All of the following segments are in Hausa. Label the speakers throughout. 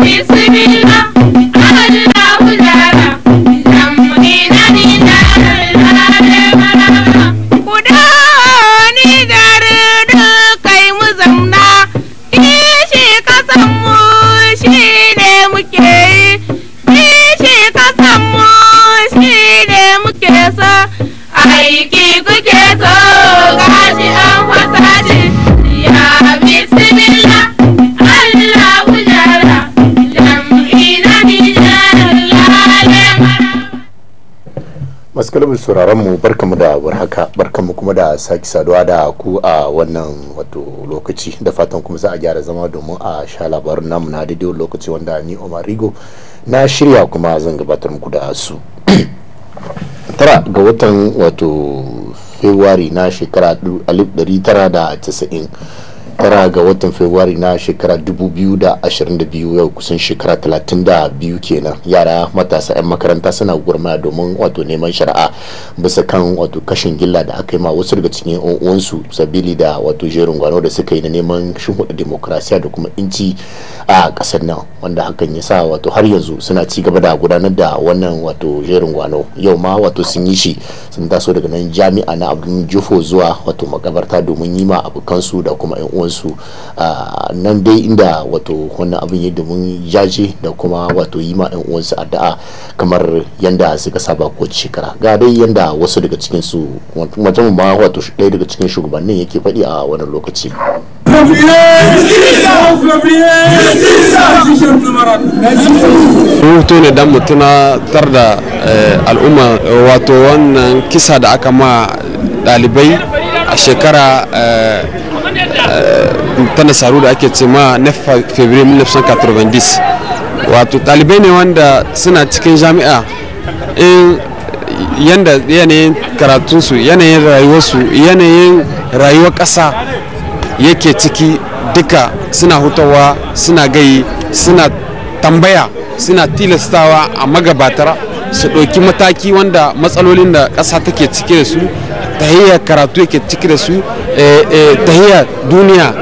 Speaker 1: Misery
Speaker 2: masu kalabar sauraron mu barkamu da warhaka barkamu kuma da sake saduwa da ku a wannan wato lokaci da fatan kuma za a gyara zama domin a sha labarin namu na daidai lokaci wanda ni Omar Rigo na shirya kuma zan gabatar muku da su tara ga watan wato February na shekara 1990 tara ga watan Fabrairu na shekara 2022 yau kusan shekara 32 kenan yara matasa 'yan makaranta suna gurma domin wato neman shari'a bisa kan wato kashin gilla da aka yi ma wasu daga cikin uwansu sabili da wato jerin gwano da suka yi na neman hudu demokrasiya da kuma inci a kasar nan wanda hakan ya sa wato har yanzu suna ci gaba da gudanar da wannan wato jerin gwano yau ma wato sun yi shi sun taso daga nan jami'a na abdul jufo zuwa wato makabarta domin yi ma abokansu da kuma 'yan sauransu nan dai inda wato wannan abin yadda mun jaje da kuma wato yi ma ɗan uwansu addu'a kamar yanda suka saba ko shekara ga dai yanda wasu daga cikin su wato ma wato ɗaya daga cikin shugabannin yake faɗi a wani lokaci
Speaker 3: hutu ne dan mutuna tar da eh, al'umma wato wannan kisa da aka ma ɗalibai a shekara eh, tana saru da ake ce ma na february 1990 wato ɗalibai ne wanda suna cikin jami'a in yanda yanayin karatunsu yanayin rayuwarsu yanayin rayuwar ƙasa yake ciki duka suna hutawa suna gayi suna tambaya suna tilastawa a magabatar su ɗauki mataki wanda matsalolin da ƙasa take cike da su tahiyya karatu yake ciki da su eh, eh, tahiyya duniya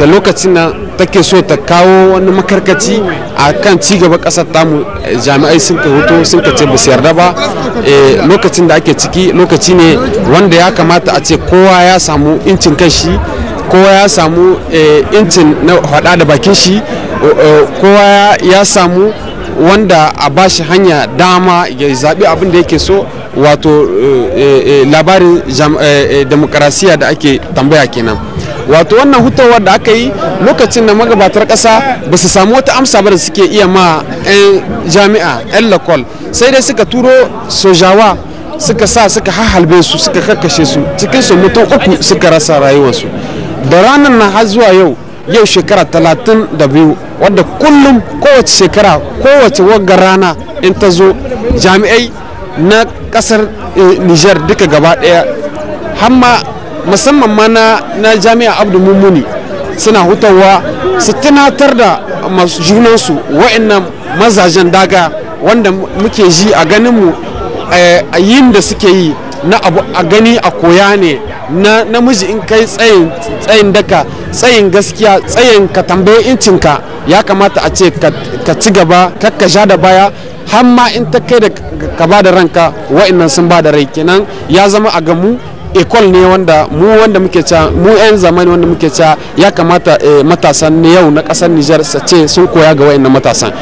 Speaker 3: da lokacin nan take so ta kawo wani makarkaci a kan cigaba ƙasar tamu eh, jami'ai sun ka hoto sun ka ce basu yarda ba lokacin da ake ciki lokaci ne wanda ya kamata a ce kowa ya samu incin kanshi kowa ya samu incin na hada da bakin shi kowa ya samu wanda a bashi hanya dama ya zaɓi abin da yake so wato eh, eh, eh, labarin demokrasiya da ake tambaya kenan wato wannan hutawa da aka yi lokacin da magabatar ƙasa ba su samu wata amsa ba da suke iya ma 'yan jami'a 'yan lakol sai dai suka turo sojawa suka sa suka hahalbe su suka karkashe su cikin su mutum uku suka rasa rayuwarsu da ranar na har zuwa yau yau shekara talatin da biyu wadda kullum kowace shekara kowace wagga rana in ta zo jami'ai na kasar eh, niger duka gaba daya hamma musamman ma na jami'a abdu mummuni suna hutawa su tunatar da masu junansu wa'annan mazajen daga wanda muke ji a ganinmu eh, a yin da suke yi na abu a gani a koya ne na namiji in kai tsayin daka tsayin gaskiya tsayin ka tambaye incinka ya kamata a ce ka ci gaba kakka sha da baya har ma in ta kai da ka ba da ranka wa'annan sun ba da rai kenan ya zama a gamu ekol ne wanda mu wanda muke ca mu yan zamani wanda muke ca ya kamata eh, matasan yau na kasar Nijar su ce sun koya ga wa'annan matasan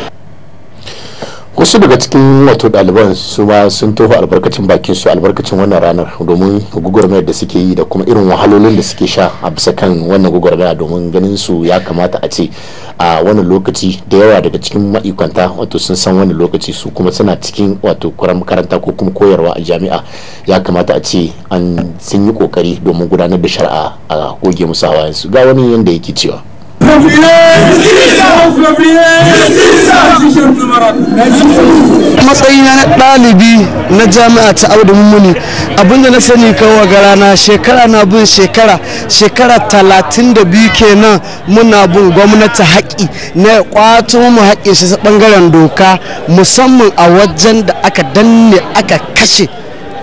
Speaker 2: wasu daga cikin wato ɗaliban su ma sun toho albarkacin bakin su albarkacin wannan ranar domin gugurmayar da suke yi da kuma irin wahalolin da suke sha a bisa kan wannan gugurmaya domin ganin su ya kamata a ce a wannan lokaci da yawa daga cikin ma'aikanta wato sun san wani lokaci su kuma suna cikin wato kuran makaranta ko kuma koyarwa a jami'a ya kamata a ce an sun yi kokari domin gudanar da shari'a a goge musu hawayensu ga wani yanda yake cewa
Speaker 1: matsayina na ɗalibi na jami'a ta audu mummuni abinda na sani kawo ga rana shekara na bin shekara shekara talatin da biyu kenan muna bin gwamnati haƙi na ƙwato mu haƙi shi ɓangaren doka musamman a wajen da aka danne aka kashe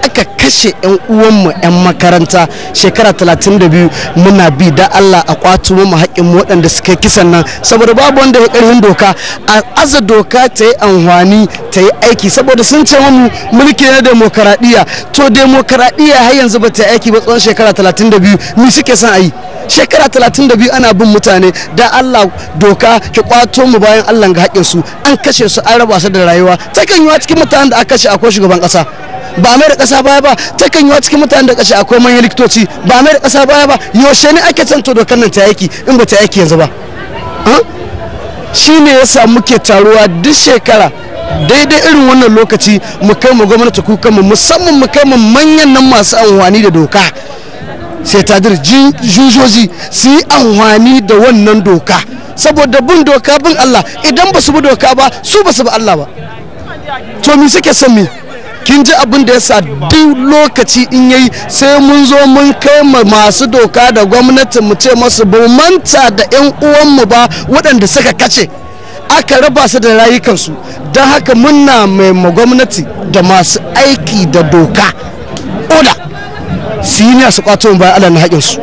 Speaker 1: aka kashe 'yan uwanmu 'yan makaranta shekara 32 muna bi da Allah a kwato mu haƙƙin waɗanda suka kisan nan saboda babu wanda ya ƙarfin doka a aza doka ta yi amfani ta yi aiki saboda sun ce mu mulki na demokaradiyya to demokaradiyya har yanzu ba ta yi aiki ba tsawon shekara 32 mu suke son a yi shekara 32 ana bin mutane da Allah doka ki kwato mu bayan Allah ga haƙƙin su an kashe su an raba su da rayuwa ta kan yiwa cikin mutanen da aka kashe akwai shugaban ƙasa ba mai da ƙasa baya ba takan yi wa cikin mutanen da a akwai manyan likitoci ba mai da ƙasa baya ba yaushe ne ake canto dokar nan ta yaki in ba ta yaki yanzu ba shi ne ya yasa muke taruwa duk shekara daidai irin wannan lokaci mu kai mu gwamnati kukan mu musamman mu kai mu manyan nan masu amfani da doka sai dir jujoji su yi amfani da wannan doka saboda bin doka bin Allah idan ba su bi doka ba su ba su bi Allah ba to me suke son me kin ji abin da ya sa duk lokaci in yayi sai mun zo mun kai ma masu doka da gwamnati mu ce masu mu manta da 'yan mu ba waɗanda suka kace aka raba su da rayukansu don haka muna mai gwamnati da masu aiki da doka oda siniya su kwato bayan ala na haƙinsu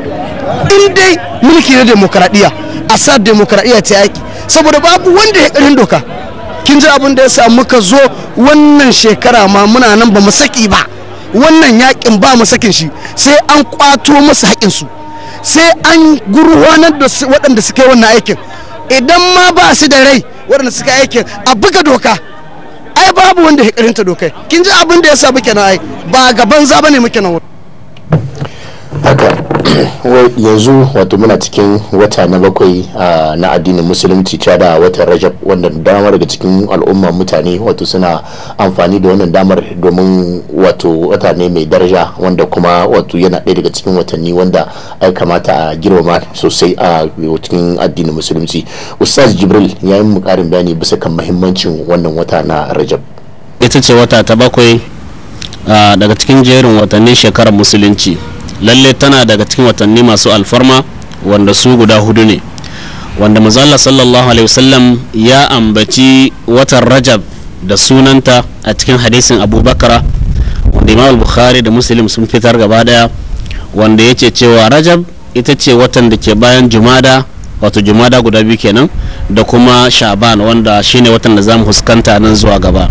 Speaker 1: in dai mulki na demokaradiyya a sa demokaradiyya ta yaƙi saboda babu wanda ya ƙarin doka kin ji abin da ya sa muka zo wannan shekara ma muna nan ba mu saki ba wannan yakin ba mu sakin shi sai an kwato musu haƙinsu sai an gurwanar da waɗanda suka yi wannan aikin idan ma ba su da rai waɗanda suka yi aikin a buga doka ai babu wanda ya karinta dokai kin ji abin da ya sa muke na ai ba gaban za bane muke na wurin
Speaker 2: haka yanzu wato muna cikin wata na bakwai na addinin musulunci da watan rajab wanda dama daga cikin al'umma mutane wato suna amfani da wannan damar domin wato wata ne mai daraja wanda kuma wato yana ɗaya daga cikin watanni wanda ai kamata a girmama sosai a cikin addinin musulunci ustaz jibril ya yi muƙarin bayani bisa kan mahimmancin wannan wata na rajab
Speaker 4: ita ce wata ta bakwai
Speaker 2: daga cikin jerin
Speaker 4: watannin shekarar musulunci lalle tana daga cikin watanni masu alfarma wanda su guda hudu ne wanda mazalla sallallahu alaihi wasallam ya ambaci watan rajab da sunanta a cikin hadisin abubakara wanda imam bukhari da muslim sun fitar gaba daya wanda ya ce cewa rajab ita ce watan da ke bayan jumada wato jumada guda biyu kenan da kuma shaban wanda shine watan da za mu huskanta nan zuwa gaba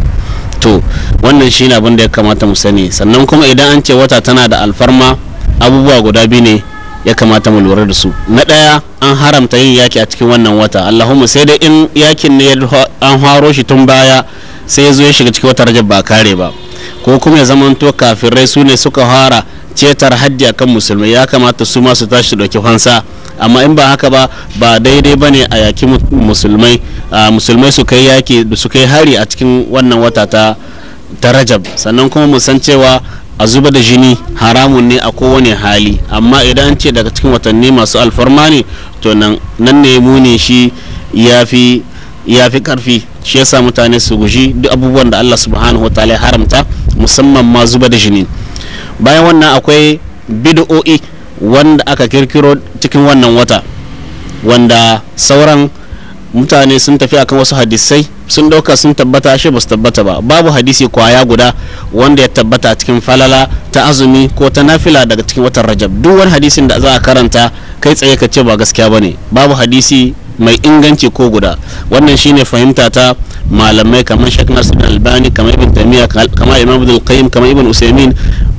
Speaker 4: to wannan shine abin da ya kamata mu sani sannan kuma idan an ce wata tana da alfarma abubuwa guda biyu ne ya kamata mu lura da su na ɗaya an haramta yin yaki a cikin wannan wata allahumma sai dai in yakin ne an haro shi tun baya sai ya zo ya shiga cikin wata rajab ba kare ba ko kuma ya zamanto kafirai su ne suka fara cetar hajji akan musulmai ya kamata su ma tashi su ɗauki fansa amma in ba haka ba ba daidai ba ne a yaki musulmai musulmai su kai yaki su kai hari a cikin wannan wata ta rajab sannan kuma mu san cewa a zuba da jini haramun ne a kowane hali amma idan an ce daga cikin watanni masu alfarma ne to nan ne muni shi ya fi karfi shi yasa mutane su guji duk abubuwan da Allah subhanahu wa ya haramta musamman ma zuba da jini bayan wannan akwai bid'o'i wanda aka kirkiro cikin wannan wata wanda sauran mutane sun tafi akan wasu hadisai sun dauka sun tabbata shi ba su tabbata ba babu hadisi kwaya guda wanda ya tabbata cikin falala ta azumi ko ta nafila daga cikin watan rajab duk wani hadisin da za a karanta kai tsaye ka ce ba gaskiya ba ne babu hadisi mai inganci ko guda wannan shine fahimta ta malamai kamar shek nasir albani kamar ibn tamiya kamar imam abdul qayyim kamar ibn usaimin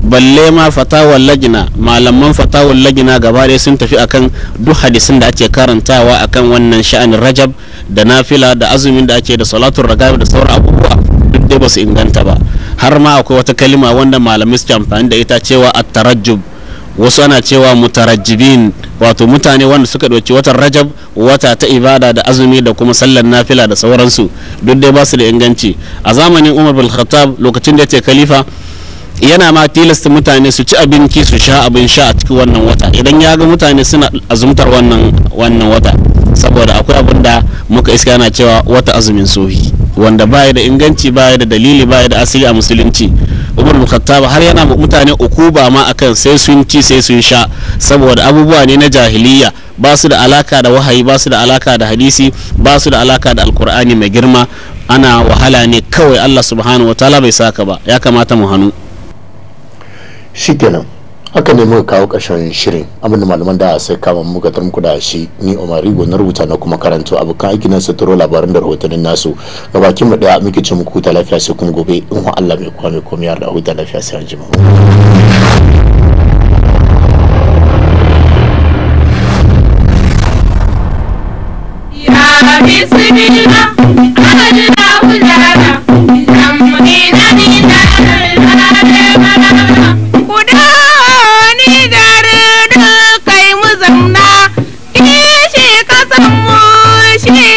Speaker 4: balle ma fatawar lagina malaman fatawar lagina gaba dai sun tafi akan duk hadisin da ake karantawa akan wannan sha'anin rajab da nafila da azumin da ake da salatun ragab da sauran abubuwa duk dai ba su inganta ba har ma akwai wata kalima wanda malamai suke amfani da ita cewa at-tarajjub wasu ana cewa mutarajjibin wato mutane wanda suka ɗauki watan rajab wata ta ibada da azumi da kuma sallar nafila da sauransu duk dai ba su da inganci a zamanin umar bin lokacin da ya ce kalifa. yana ma tilasta mutane su ci abinci su sha abin sha a cikin wannan wata idan ya ga mutane suna azumtar wannan wannan wata saboda akwai abin da muka iska yana cewa wata azumin sohi wanda baya da inganci baya da dalili baya da asiri a musulunci umar mukattaba har yana mutane uku ba ma akan sai sun ci sai sun sha saboda abubuwa ne na jahiliya ba su da alaka da wahayi ba su da alaka da hadisi ba su da alaka da alkur'ani mai girma ana wahala ne kawai allah subhanahu wa ta'ala bai saka ba ya kamata
Speaker 2: mu hannu shikenan haka ne muka kawo ƙarshen shirin da malaman da sai kama muka tar muku da shi ni Omar Rigo na rubuta na kuma karanto abokan aiki na suturo labaran da rahotannin nasu ga bakin mu daya muke ce muku ta lafiya sai kuma gobe in ha Allah mai kwame komai ya da huta lafiya sai an jima
Speaker 1: Bismillah, Allah It's